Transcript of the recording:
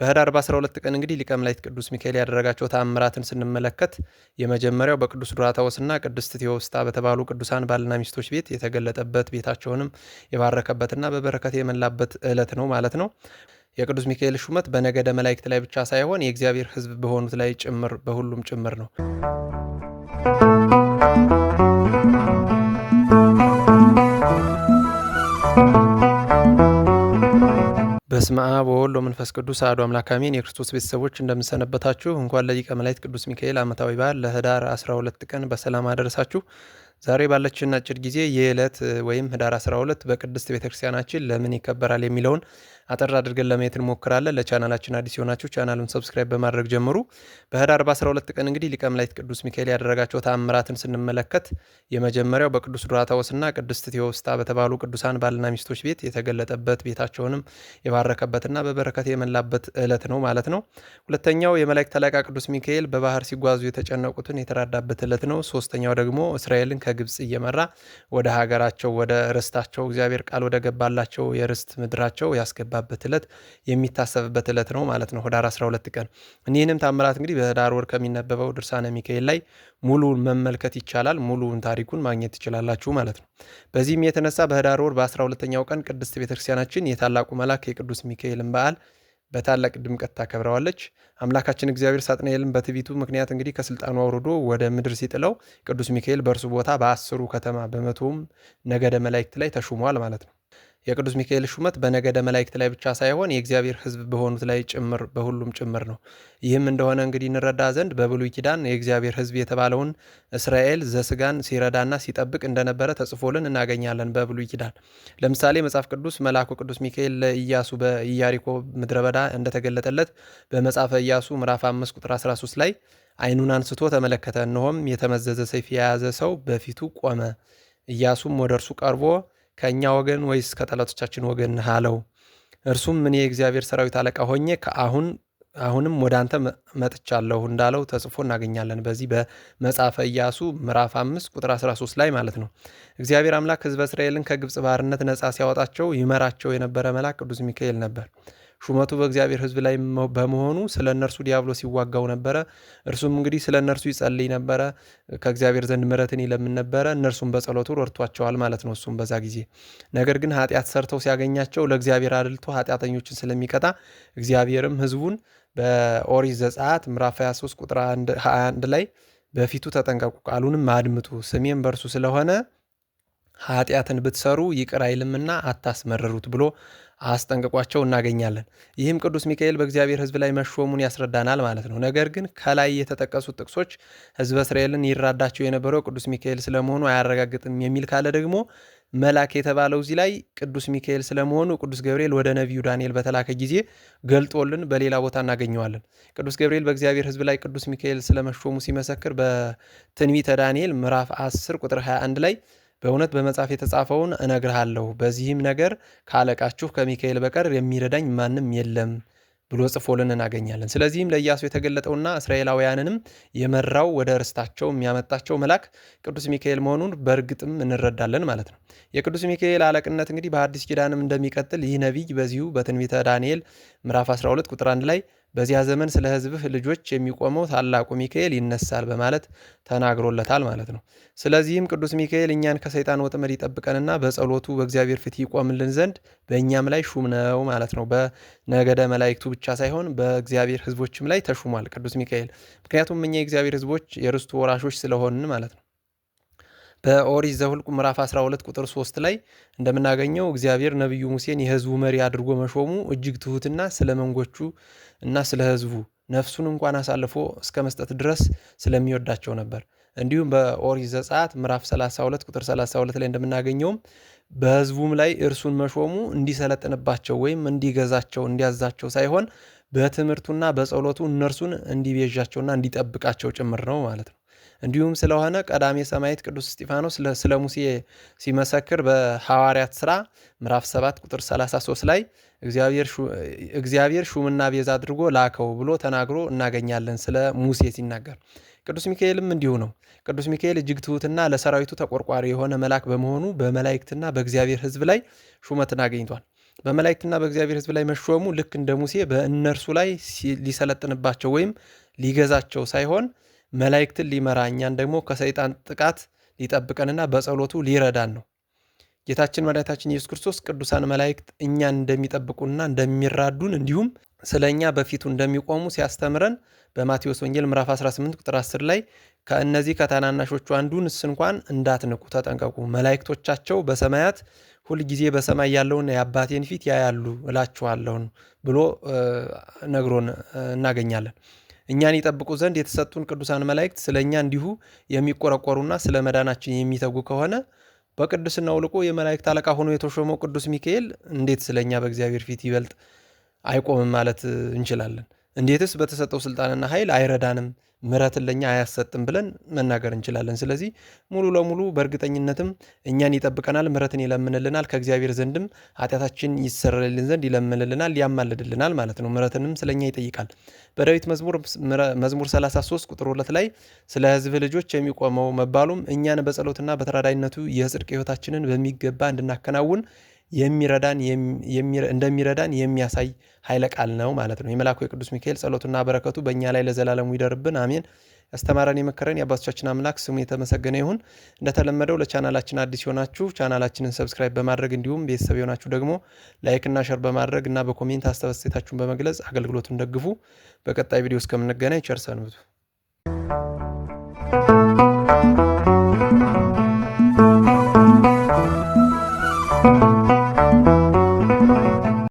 በህዳር በ12 ቀን እንግዲህ ሊቀ መላእክት ቅዱስ ሚካኤል ያደረጋቸው ተአምራትን ስንመለከት የመጀመሪያው በቅዱስ ዱራታዎስና ቅድስት ቴዎስታ በተባሉ ቅዱሳን ባልና ሚስቶች ቤት የተገለጠበት ቤታቸውንም የባረከበትና በበረከት የመላበት ዕለት ነው ማለት ነው። የቅዱስ ሚካኤል ሹመት በነገደ መላእክት ላይ ብቻ ሳይሆን የእግዚአብሔር ሕዝብ በሆኑት ላይ ጭምር በሁሉም ጭምር ነው። Thank you. በስመ አብ ወወልድ ወመንፈስ ቅዱስ አሐዱ አምላክ አሜን። የክርስቶስ ቤተሰቦች እንደምንሰነበታችሁ። እንኳን ለሊቀ መላእክት ቅዱስ ሚካኤል ዓመታዊ በዓል ለኅዳር 12 ቀን በሰላም አደረሳችሁ። ዛሬ ባለችን አጭር ጊዜ የዕለት ወይም ህዳር 12 በቅድስት ቤተክርስቲያናችን ለምን ይከበራል የሚለውን አጠር አድርገን ለማየት እንሞክራለን። ለቻናላችን አዲስ የሆናችሁ ቻናሉን ሰብስክራይብ በማድረግ ጀምሩ። በህዳር በ12 ቀን እንግዲህ ሊቀ መላእክት ቅዱስ ሚካኤል ያደረጋቸው ተአምራትን ስንመለከት የመጀመሪያው በቅዱስ ዱራታዎስና ቅድስት ቴዎስታ በተባሉ ቅዱሳን ባልና ሚስቶች ቤት የተገለጠበት ቤታቸውንም የባረከበትና በበረከት የመላበት ዕለት ነው ማለት ነው። ሁለተኛው የመላእክት አለቃ ቅዱስ ሚካኤል በባህር ሲጓዙ የተጨነቁትን የተራዳበት ዕለት ነው። ሶስተኛው ደግሞ እስራኤልን ከግብፅ እየመራ ወደ ሀገራቸው ወደ ርስታቸው እግዚአብሔር ቃል ወደ ገባላቸው የርስት ምድራቸው ያስገባበት ዕለት የሚታሰብበት ዕለት ነው ማለት ነው ህዳር 12 ቀን። እኒህንም ታምራት እንግዲህ በህዳር ወር ከሚነበበው ድርሳነ ሚካኤል ላይ ሙሉውን መመልከት ይቻላል። ሙሉውን ታሪኩን ማግኘት ትችላላችሁ ማለት ነው። በዚህም የተነሳ በህዳር ወር በ12ኛው ቀን ቅድስት ቤተክርስቲያናችን የታላቁ መልአክ የቅዱስ ሚካኤልን በዓል በታላቅ ድምቀት ታከብረዋለች። አምላካችን እግዚአብሔር ሳጥናኤልን በትቢቱ ምክንያት እንግዲህ ከስልጣኑ አውርዶ ወደ ምድር ሲጥለው ቅዱስ ሚካኤል በእርሱ ቦታ በአስሩ ከተማ በመቶም ነገደ መላእክት ላይ ተሹሟል ማለት ነው። የቅዱስ ሚካኤል ሹመት በነገደ መላእክት ላይ ብቻ ሳይሆን የእግዚአብሔር ሕዝብ በሆኑት ላይ ጭምር በሁሉም ጭምር ነው። ይህም እንደሆነ እንግዲህ እንረዳ ዘንድ በብሉይ ኪዳን የእግዚአብሔር ሕዝብ የተባለውን እስራኤል ዘስጋን ሲረዳና ሲጠብቅ እንደነበረ ተጽፎልን እናገኛለን። በብሉይ ኪዳን ለምሳሌ መጽሐፍ ቅዱስ መልአኩ ቅዱስ ሚካኤል ለኢያሱ በኢያሪኮ ምድረ በዳ እንደተገለጠለት በመጽሐፈ ኢያሱ ምዕራፍ 5 ቁጥር 13 ላይ ዓይኑን አንስቶ ተመለከተ፣ እነሆም የተመዘዘ ሰይፍ የያዘ ሰው በፊቱ ቆመ። ኢያሱም ወደ እርሱ ቀርቦ ከእኛ ወገን ወይስ ከጠላቶቻችን ወገን ነህ አለው። እርሱም እኔ የእግዚአብሔር ሰራዊት አለቃ ሆኜ ከአሁን አሁንም ወደ አንተ መጥቻለሁ እንዳለው ተጽፎ እናገኛለን። በዚህ በመጽሐፈ ኢያሱ ምዕራፍ 5 ቁጥር 13 ላይ ማለት ነው። እግዚአብሔር አምላክ ሕዝበ እስራኤልን ከግብፅ ባርነት ነፃ ሲያወጣቸው ይመራቸው የነበረ መልአክ ቅዱስ ሚካኤል ነበር። ሹመቱ በእግዚአብሔር ሕዝብ ላይ በመሆኑ ስለ እነርሱ ዲያብሎ ሲዋጋው ነበረ። እርሱም እንግዲህ ስለ እነርሱ ይጸልይ ነበረ፣ ከእግዚአብሔር ዘንድ ምረትን ይለምን ነበረ። እነርሱም በጸሎቱ ረድቷቸዋል ማለት ነው። እሱም በዛ ጊዜ ነገር ግን ኃጢአት ሰርተው ሲያገኛቸው ለእግዚአብሔር አድልቶ ኃጢአተኞችን ስለሚቀጣ እግዚአብሔርም ሕዝቡን በኦሪት ዘጸአት ምዕራፍ 23 ቁጥር 21 ላይ በፊቱ ተጠንቀቁ፣ ቃሉንም አድምጡ፣ ስሜም በእርሱ ስለሆነ ኃጢአትን ብትሰሩ ይቅር አይልምና አታስመረሩት ብሎ አስጠንቅቋቸው እናገኛለን። ይህም ቅዱስ ሚካኤል በእግዚአብሔር ሕዝብ ላይ መሾሙን ያስረዳናል ማለት ነው። ነገር ግን ከላይ የተጠቀሱት ጥቅሶች ሕዝበ እስራኤልን ይራዳቸው የነበረው ቅዱስ ሚካኤል ስለመሆኑ አያረጋግጥም የሚል ካለ ደግሞ መልአክ የተባለው እዚህ ላይ ቅዱስ ሚካኤል ስለመሆኑ ቅዱስ ገብርኤል ወደ ነቢዩ ዳንኤል በተላከ ጊዜ ገልጦልን በሌላ ቦታ እናገኘዋለን። ቅዱስ ገብርኤል በእግዚአብሔር ሕዝብ ላይ ቅዱስ ሚካኤል ስለመሾሙ ሲመሰክር በትንቢተ ዳንኤል ምዕራፍ 10 ቁጥር 21 ላይ በእውነት በመጽሐፍ የተጻፈውን እነግርሃለሁ፣ በዚህም ነገር ከአለቃችሁ ከሚካኤል በቀር የሚረዳኝ ማንም የለም ብሎ ጽፎልን እናገኛለን። ስለዚህም ለኢያሱ የተገለጠውና እስራኤላውያንንም የመራው ወደ ርስታቸው የሚያመጣቸው መልአክ ቅዱስ ሚካኤል መሆኑን በእርግጥም እንረዳለን ማለት ነው። የቅዱስ ሚካኤል አለቅነት እንግዲህ በአዲስ ኪዳንም እንደሚቀጥል ይህ ነቢይ በዚሁ በትንቢተ ዳንኤል ምዕራፍ 12 ቁጥር 1 ላይ በዚያ ዘመን ስለ ሕዝብህ ልጆች የሚቆመው ታላቁ ሚካኤል ይነሳል በማለት ተናግሮለታል ማለት ነው። ስለዚህም ቅዱስ ሚካኤል እኛን ከሰይጣን ወጥመድ ይጠብቀንና በጸሎቱ በእግዚአብሔር ፊት ይቆምልን ዘንድ በእኛም ላይ ሹም ነው ማለት ነው። በነገደ መላእክቱ ብቻ ሳይሆን በእግዚአብሔር ህዝቦችም ላይ ተሹሟል ቅዱስ ሚካኤል። ምክንያቱም እኛ የእግዚአብሔር ህዝቦች የርስቱ ወራሾች ስለሆንን ማለት ነው። በኦሪት ዘኍልቍ ምዕራፍ 12 ቁጥር 3 ላይ እንደምናገኘው እግዚአብሔር ነቢዩ ሙሴን የህዝቡ መሪ አድርጎ መሾሙ እጅግ ትሑትና ስለ መንጎቹ እና ስለ ህዝቡ ነፍሱን እንኳን አሳልፎ እስከ መስጠት ድረስ ስለሚወዳቸው ነበር። እንዲሁም በኦሪት ዘጸአት ምዕራፍ 32 ቁጥር 32 ላይ እንደምናገኘውም በህዝቡም ላይ እርሱን መሾሙ እንዲሰለጥንባቸው ወይም እንዲገዛቸው እንዲያዛቸው ሳይሆን በትምህርቱና በጸሎቱ እነርሱን እንዲቤዣቸውና እንዲጠብቃቸው ጭምር ነው ማለት ነው። እንዲሁም ስለሆነ ቀዳሜ ሰማዕት ቅዱስ እስጢፋኖስ ስለ ሙሴ ሲመሰክር በሐዋርያት ሥራ ምዕራፍ 7 ቁጥር 33 ላይ እግዚአብሔር ሹምና ቤዛ አድርጎ ላከው ብሎ ተናግሮ እናገኛለን። ስለ ሙሴ ሲናገር ቅዱስ ሚካኤልም እንዲሁ ነው። ቅዱስ ሚካኤል እጅግ ትሑትና ለሰራዊቱ ተቆርቋሪ የሆነ መልአክ በመሆኑ በመላእክትና በእግዚአብሔር ሕዝብ ላይ ሹመትን አግኝቷል። በመላእክትና በእግዚአብሔር ሕዝብ ላይ መሾሙ ልክ እንደ ሙሴ በእነርሱ ላይ ሊሰለጥንባቸው ወይም ሊገዛቸው ሳይሆን መላእክትን ሊመራ እኛን ደግሞ ከሰይጣን ጥቃት ሊጠብቀንና በጸሎቱ ሊረዳን ነው። ጌታችን መድኃኒታችን ኢየሱስ ክርስቶስ ቅዱሳን መላእክት እኛን እንደሚጠብቁና እንደሚራዱን እንዲሁም ስለ እኛ በፊቱ እንደሚቆሙ ሲያስተምረን በማቴዎስ ወንጌል ምዕራፍ 18 ቁጥር 10 ላይ ከእነዚህ ከታናናሾቹ አንዱንስ እንኳን እንዳትንቁ ተጠንቀቁ፣ መላእክቶቻቸው በሰማያት ሁልጊዜ በሰማይ ያለውን የአባቴን ፊት ያያሉ እላችኋለሁን ብሎ ነግሮን እናገኛለን። እኛን ይጠብቁ ዘንድ የተሰጡን ቅዱሳን መላእክት ስለ እኛ እንዲሁ የሚቆረቆሩና ስለ መዳናችን የሚተጉ ከሆነ በቅድስናው ልቆ የመላእክት አለቃ ሆኖ የተሾመው ቅዱስ ሚካኤል እንዴት ስለ እኛ በእግዚአብሔር ፊት ይበልጥ አይቆምም ማለት እንችላለን? እንዴትስ በተሰጠው ስልጣንና ኃይል አይረዳንም፣ ምረትን ለእኛ አያሰጥም ብለን መናገር እንችላለን። ስለዚህ ሙሉ ለሙሉ በእርግጠኝነትም እኛን ይጠብቀናል፣ ምረትን ይለምንልናል፣ ከእግዚአብሔር ዘንድም ኃጢአታችን ይሰረልን ዘንድ ይለምንልናል፣ ያማልድልናል ማለት ነው። ምረትንም ስለኛ ይጠይቃል። በዳዊት መዝሙር 33 ቁጥር ሁለት ላይ ስለ ሕዝብ ልጆች የሚቆመው መባሉም እኛን በጸሎትና በተራዳይነቱ የጽድቅ ሕይወታችንን በሚገባ እንድናከናውን የሚረዳን እንደሚረዳን የሚያሳይ ኃይለ ቃል ነው ማለት ነው። የመልአኩ የቅዱስ ሚካኤል ጸሎቱና በረከቱ በእኛ ላይ ለዘላለሙ ይደርብን፣ አሜን። ያስተማረን የመከረን የአባቶቻችን አምላክ ስሙ የተመሰገነ ይሁን። እንደተለመደው ለቻናላችን አዲስ የሆናችሁ ቻናላችንን ሰብስክራይብ በማድረግ እንዲሁም ቤተሰብ የሆናችሁ ደግሞ ላይክና ሸር በማድረግ እና በኮሜንት አስተያየታችሁን በመግለጽ አገልግሎቱን ደግፉ። በቀጣይ ቪዲዮ እስከምንገናኝ ቸር ሰንብቱ።